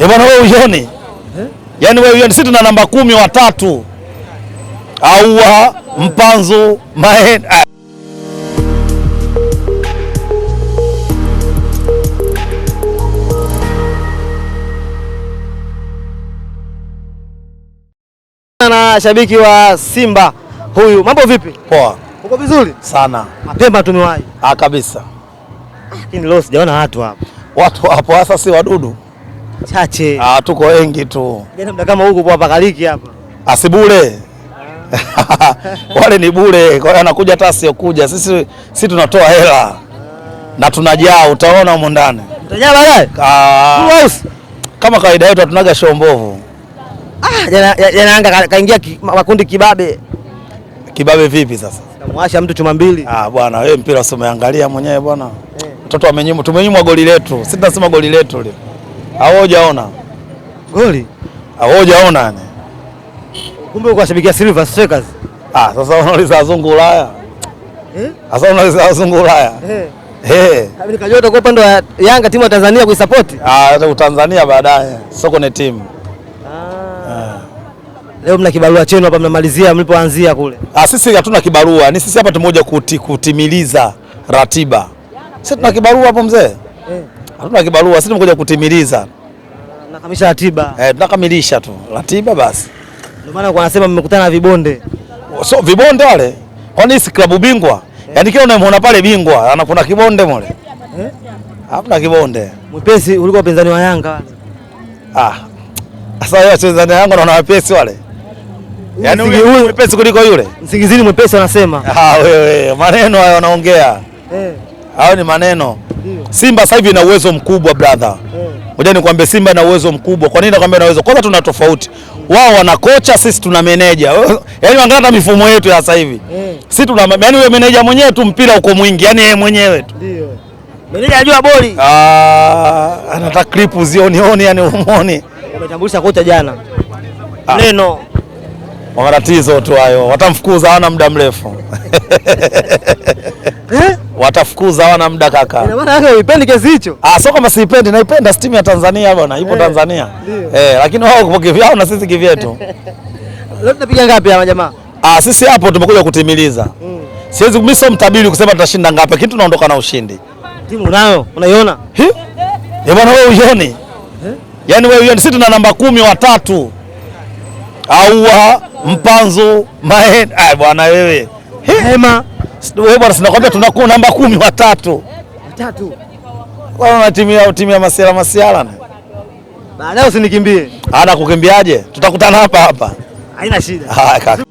Eh bwana wewe uione, eh? yaani wewe uione, sisi tuna namba kumi watatu aua mpanzu maen ah. na shabiki wa Simba huyu, mambo vipi? Poa. Uko vizuri sana. Mapema tumewahi. Ah, kabisa. Lakini leo sijaona watu hapo. Watu hapo hasa si wadudu Chache. Ah, tuko wengi tu. Jana yaani muda kama huko hapa kaliki hapa. Asibule. Ah. Wale ni bure, kwa hiyo anakuja hata sio kuja. Sisi si tunatoa hela na tunajaa, utaona huko ndani. Tunajaa baadaye? Ah. Kama kawaida yetu tunaga show mbovu. Ah, jana jana anga kaingia ki, makundi kibabe. Kibabe vipi sasa? Kamwasha mtu chuma mbili. Ah, bwana wewe mpira usimeangalia mwenyewe bwana. Eh. Mtoto hey. Amenyimwa, tumenyimwa goli letu. Sisi tunasema goli letu lile. Hawajaona. Goli? Hawajaona yani. Kumbe uko shabikia Silver Strikers. Ah, sasa wanauliza wazungu Ulaya. Eh? Sasa wanauliza wazungu Ulaya. Eh. Eh. hey. Nikajua utakuwa upande wa Yanga timu ya Tanzania kuisupport. Ah, hata Tanzania baadaye. Soko ni timu. Ah. Eh. Leo mna kibarua chenu hapa mnamalizia mlipoanzia kule. Ah, sisi hatuna kibarua. Ni sisi hapa tumoja kuti, kutimiliza ratiba. Sisi tuna kibarua hapo mzee hatuna kibarua, sisi tumekuja kutimiliza. Mnakamilisha ratiba? Eh, tunakamilisha tu ratiba basi. Ndio maana kwa nasema mmekutana na vibonde. So vibonde wale, kwani si klabu bingwa? eh? Yaani kile unamwona pale bingwa, ana kuna kibonde mole. Eh? Hamna kibonde. Mwepesi ulikuwa wapinzani wa Yanga. Ah. Sasa wao wapinzani wa Yanga na wapesi wale. Yaani huyu mwepesi kuliko yule. Msingizini mwepesi anasema Ah, wewe maneno hayo wanaongea. Eh. Hayo ni maneno. Simba sasa hivi ina uwezo mkubwa brother. Hmm. Ngoja nikwambie Simba ina uwezo mkubwa. Kwa nini nakwambia ina uwezo? Kwanza tuna tofauti. Wao wana kocha, sisi tuna meneja. Yaani angalia hata mifumo yetu ya sasa hivi. Hmm. Sisi tuna yaani yule meneja mwenyewe tu mpira uko mwingi. Yaani yeye mwenyewe tu. Ndio. Meneja anajua boli. Ah, anataka clip oni yani umoni. Umetambulisha kocha jana. Ah. Neno. Matatizo tu hayo. Watamfukuza hana muda mrefu. Eh? Watafukuza, hawana muda kaka. Ina maana yake uipendi kesi hicho? Ah, sio kama siipendi, naipenda timu ya Tanzania bwana, ipo hey, eh, Tanzania hey, eh, lakini wao kwa kivyao na sisi kivyetu. Leo tunapiga ngapi hapa jamaa? Ah, sisi hapo tumekuja kutimiliza mm. Siwezi mimi, sio mtabiri kusema tutashinda ngapi, lakini tunaondoka na ushindi. Timu nayo unaiona eh bwana, wewe uione. eh? Yaani wewe uione, sisi tuna namba kumi watatu aua mpanzu ah bwana wewe hema Nakwambia tunakuwa namba kumi watatu watatu, timu ya masiala masiala, baadaye usinikimbie. Ana kukimbiaje? Tutakutana hapa hapa, haina shida.